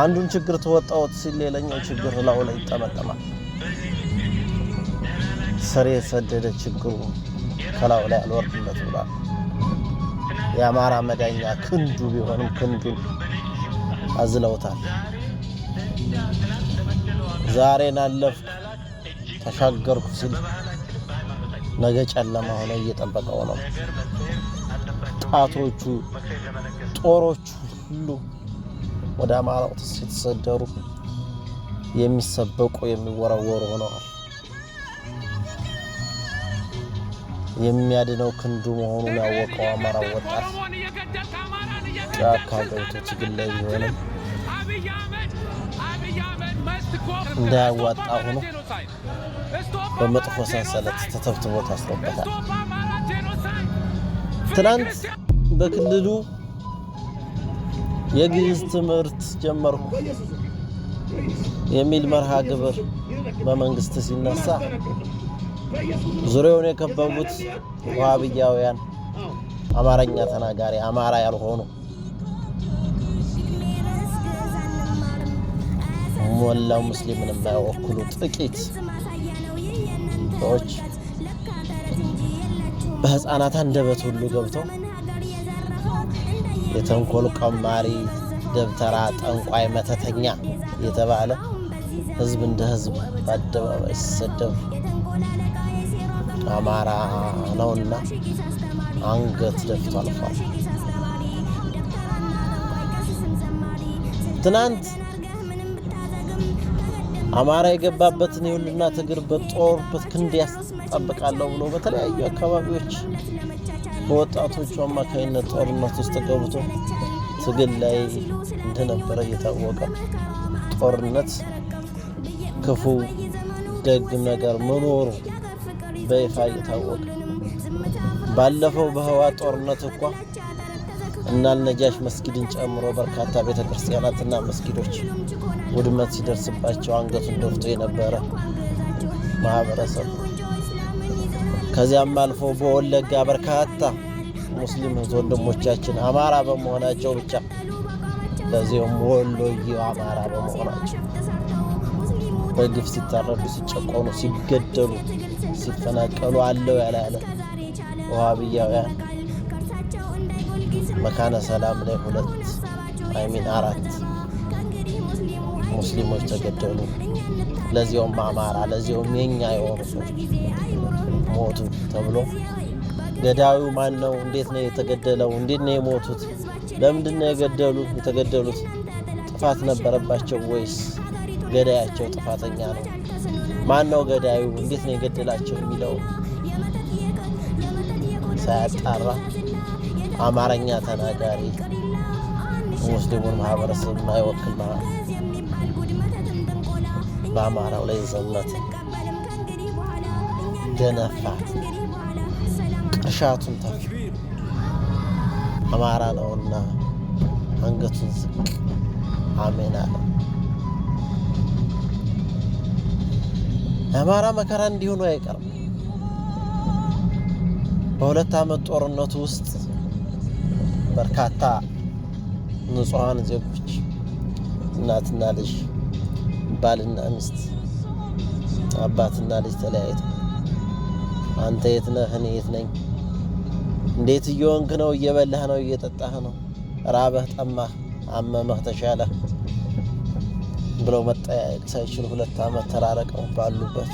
አንዱን ችግር ተወጣውት ሲል ሌላኛው ችግር ላው ላይ ይጠመጠማል። ስር የሰደደ ችግሩ ከላው ላይ አልወርድለት ብሏል። የአማራ መዳኛ ክንዱ ቢሆንም ክንዱን አዝለውታል። ዛሬን አለፍኩ ተሻገርኩ ሲል ነገ ጨለማ ሆነ እየጠበቀው ነው። ጣቶቹ ጦሮቹ ሁሉ ወደ አማራ ኦርቶዶክስ የተሰደሩ የሚሰበቁ የሚወረወሩ ሆነዋል። የሚያድነው ክንዱ መሆኑን ያወቀው አማራ ወጣት ጫካ ገብቶ ትግል ላይ ቢሆንም እንዳያዋጣ ሆኖ በመጥፎ ሰንሰለት ተተብትቦ ታስሮበታል። ትናንት በክልሉ የግዕዝ ትምህርት ጀመርኩ የሚል መርሃ ግብር በመንግስት ሲነሳ ዙሪያውን የከበቡት ዋሃብያውያን፣ አማርኛ ተናጋሪ፣ አማራ ያልሆኑ ሞላው ሙስሊምን የማይወክሉ ጥቂት ሰዎች በህፃናት አንደበት ሁሉ ገብተው የተንኮል ቀማሪ፣ ደብተራ ጠንቋይ፣ መተተኛ የተባለ ህዝብ እንደ ህዝብ በአደባባይ ሲሰደብ አማራ ነውና አንገት ደፍቶ አልፏል። ትናንት አማራ የገባበትን የሁልና ትግር በጦር በክንድ ያስጠብቃለሁ ብሎ በተለያዩ አካባቢዎች በወጣቶቹ አማካኝነት ጦርነት ውስጥ ገብቶ ትግል ላይ እንደነበረ እየታወቀ ጦርነት ክፉ ደግ ነገር መኖሩ በይፋ እየታወቀ ባለፈው በህወሓት ጦርነት እኳ እና ነጃሽ መስጊድን ጨምሮ በርካታ ቤተ ክርስቲያናትና መስጊዶች ውድመት ሲደርስባቸው አንገቱን ደፍቶ የነበረ ማህበረሰብ ከዚያም አልፎ በወለጋ በርካታ ሙስሊም ወንድሞቻችን አማራ በመሆናቸው ብቻ ለዚሁም ወሎዬው አማራ በመሆናቸው በግፍ ሲታረዱ፣ ሲጨቆኑ፣ ሲገደሉ፣ ሲፈናቀሉ አለው ያላለ ውሃብያውያን መካነ ሰላም ላይ ሁለት አይሚን አራት ሙስሊሞች ተገደሉ። ለዚያውም አማራ ለዚያውም የኛ የሆኑ ሰዎች ሞቱ ተብሎ ገዳዩ ማን ነው? እንዴት ነው የተገደለው? እንዴት ነው የሞቱት? ለምንድን ነው የገደሉ የተገደሉት? ጥፋት ነበረባቸው ወይስ ገዳያቸው ጥፋተኛ ነው? ማን ነው ገዳዩ? እንዴት ነው የገደላቸው የሚለው ሳያጣራ አማርኛ ተናጋሪ ሙስሊሙን ማህበረሰብ የማይወክል ማለት በአማራው ላይ ዘመተ፣ ደነፋት፣ ቅርሻቱን ተፋ። አማራ ነውና አንገቱን ዝቅ አሜን አለ። የአማራ መከራ እንዲሆኑ አይቀርም። በሁለት ዓመት ጦርነቱ ውስጥ በርካታ ንጹሐን ዜጎች እናትና ልጅ ባልና ሚስት አባትና ልጅ ተለያይተው አንተ የት ነህ? እኔ የት ነኝ? እንዴት እየወንክ ነው? እየበላህ ነው? እየጠጣህ ነው? ራበህ፣ ጠማህ፣ አመመህ፣ ተሻለህ ብለው መጠያየቅ ሳይችሉ ሁለት ዓመት ተራረቀው ባሉበት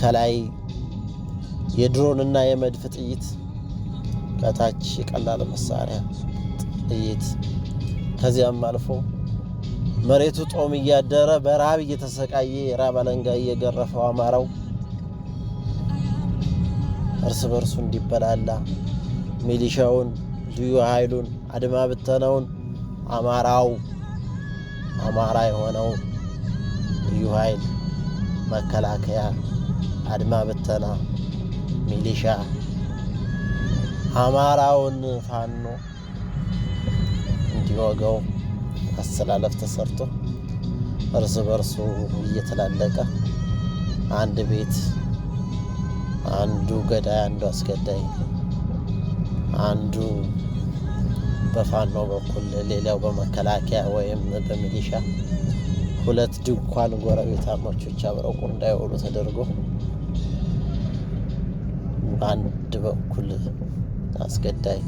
ከላይ የድሮንና የመድፍ ጥይት ከታች የቀላል መሳሪያ ጥይት ከዚያም አልፎ መሬቱ ጦም እያደረ በረሃብ እየተሰቃየ የራብ አለንጋ እየገረፈው አማራው እርስ በርሱ እንዲበላላ ሚሊሻውን፣ ልዩ ኃይሉን፣ አድማ በተናውን አማራው አማራ የሆነው ልዩ ኃይል፣ መከላከያ፣ አድማ ብተና፣ ሚሊሻ አማራውን ፋኖ እንዲወገው አስተላለፍ ተሰርቶ እርስ በርሱ እየተላለቀ አንድ ቤት አንዱ ገዳይ አንዱ አስገዳይ፣ አንዱ በፋኖ በኩል ሌላው በመከላከያ ወይም በሚሊሻ ሁለት ድንኳን አብረው ቁንዳ እንዳይሆኑ ተደርጎ በአንድ በኩል አስገዳይ፣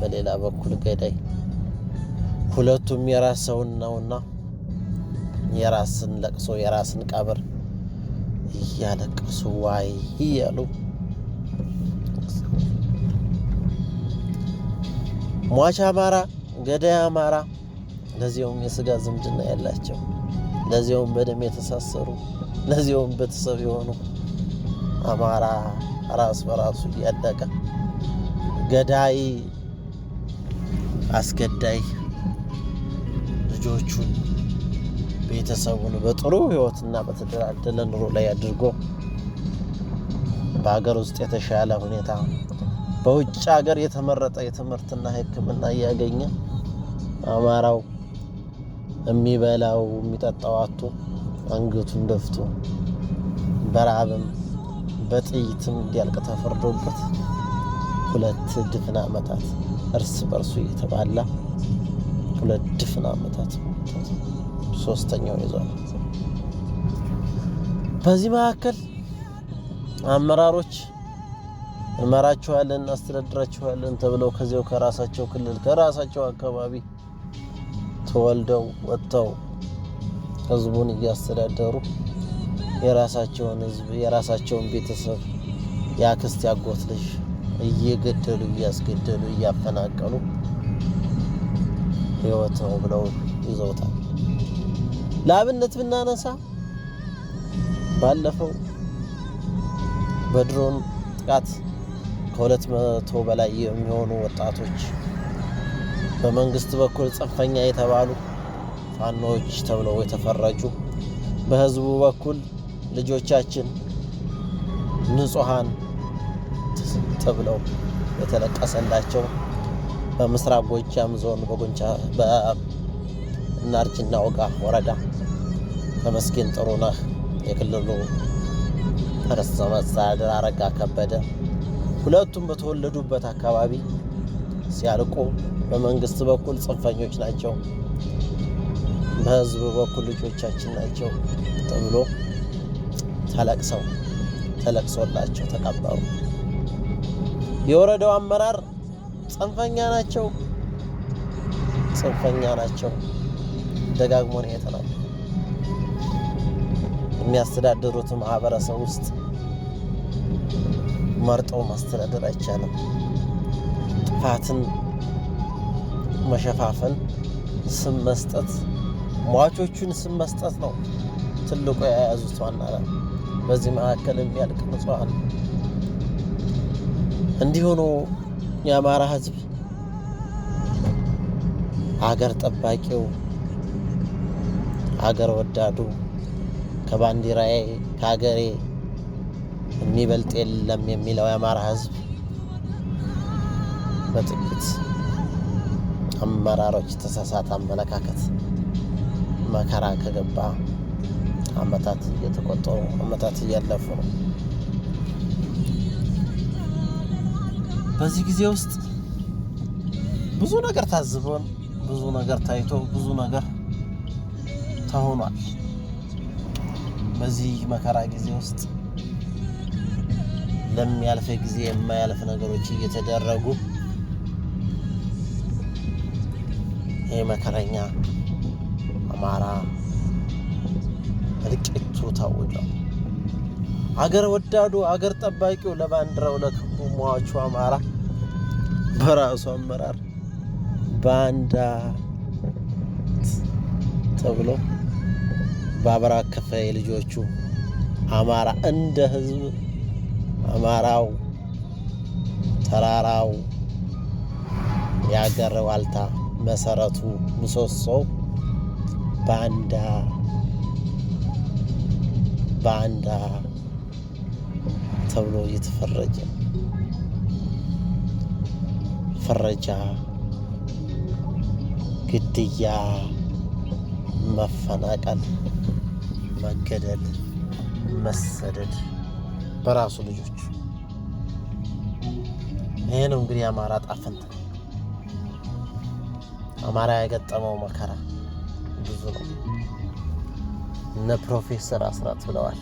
በሌላ በኩል ገዳይ ሁለቱም የራስ ሰውን ነውና የራስን ለቅሶ የራስን ቀብር እያለቀሱ ዋይ እያሉ ሟች አማራ፣ ገዳይ አማራ፣ ለዚያውም የስጋ ዝምድና ያላቸው ለዚያውም በደም የተሳሰሩ ለዚያውም ቤተሰብ የሆኑ አማራ ራስ በራሱ እያደቀ ገዳይ አስገዳይ ልጆቹን ቤተሰቡን በጥሩ ህይወትና በተደላደለ ኑሮ ላይ አድርጎ በሀገር ውስጥ የተሻለ ሁኔታ በውጭ ሀገር የተመረጠ የትምህርትና ሕክምና እያገኘ አማራው የሚበላው የሚጠጣው አቶ አንገቱን ደፍቶ በረሃብም በጥይትም እንዲያልቅ ተፈርዶበት ሁለት ድፍን ዓመታት እርስ በርሱ እየተባላ ሁለት ድፍን ዓመታት ሶስተኛው ይዟል። በዚህ መካከል አመራሮች እንመራችኋለን እናስተዳድራችኋለን ተብለው ከዚያው ከራሳቸው ክልል ከራሳቸው አካባቢ ተወልደው ወጥተው ህዝቡን እያስተዳደሩ የራሳቸውን ህዝብ የራሳቸውን ቤተሰብ ያክስት ያጎት ልጅ እየገደሉ እያስገደሉ እያፈናቀሉ ህይወት ነው ብለው ይዘውታል። ለአብነት ብናነሳ ባለፈው በድሮን ጥቃት ከሁለት መቶ በላይ የሚሆኑ ወጣቶች በመንግስት በኩል ጽንፈኛ የተባሉ ፋኖዎች ተብለው የተፈረጁ በህዝቡ በኩል ልጆቻችን ንጹሐን ተብለው የተለቀሰላቸው በምስራቅ ጎጃም ዞን በጎንቻ በእናርጅና ውቃ ወረዳ ተመስገን ጥሩነህ የክልሉ ርዕሰ መስተዳድር አረጋ ከበደ ሁለቱም በተወለዱበት አካባቢ ሲያልቁ በመንግስት በኩል ጽንፈኞች ናቸው፣ በህዝብ በኩል ልጆቻችን ናቸው ተብሎ ተለቅሰው ተለቅሶላቸው ተቀበሩ። የወረዳው አመራር ጽንፈኛ ናቸው፣ ጽንፈኛ ናቸው። ደጋግሞ ነው የተናገረው። የሚያስተዳድሩት ማህበረሰብ ውስጥ መርጦ ማስተዳደር አይቻልም። ጥፋትን መሸፋፈን፣ ስም መስጠት፣ ሟቾቹን ስም መስጠት ነው ትልቁ የያዙት ዋና ላ በዚህ መካከል የሚያልቅ ንጹሐን እንዲሆኑ የአማራ ህዝብ አገር ጠባቂው አገር ወዳዱ ከባንዲራዬ ከሀገሬ የሚበልጥ የለም የሚለው የአማራ ህዝብ በጥቂት አመራሮች ተሳሳት አመለካከት መከራ ከገባ አመታት እየተቆጠሩ አመታት እያለፉ ነው። በዚህ ጊዜ ውስጥ ብዙ ነገር ታዝበን ብዙ ነገር ታይቶ ብዙ ነገር ተሆኗል። በዚህ መከራ ጊዜ ውስጥ ለሚያልፈ ጊዜ የማያልፍ ነገሮች እየተደረጉ ይህ መከረኛ አማራ እልቂቱ ታውጇል። አገር ወዳዱ አገር ጠባቂው ለባንዲራው ለክቡ ሟቹ አማራ በራሱ አመራር ባንዳ ተብሎ ከፈ የልጆቹ አማራ እንደ ህዝብ አማራው ተራራው የአገር ዋልታ መሰረቱ ምሰሶው ባንዳ ባንዳ ተብሎ እየተፈረጀ መፈረጃ፣ ግድያ፣ መፈናቀል፣ መገደል፣ መሰደድ በራሱ ልጆች ይሄ ነው እንግዲህ አማራ ጣፍንት አማራ የገጠመው መከራ ብዙ ነው። እነ ፕሮፌሰር አስራት ብለዋል።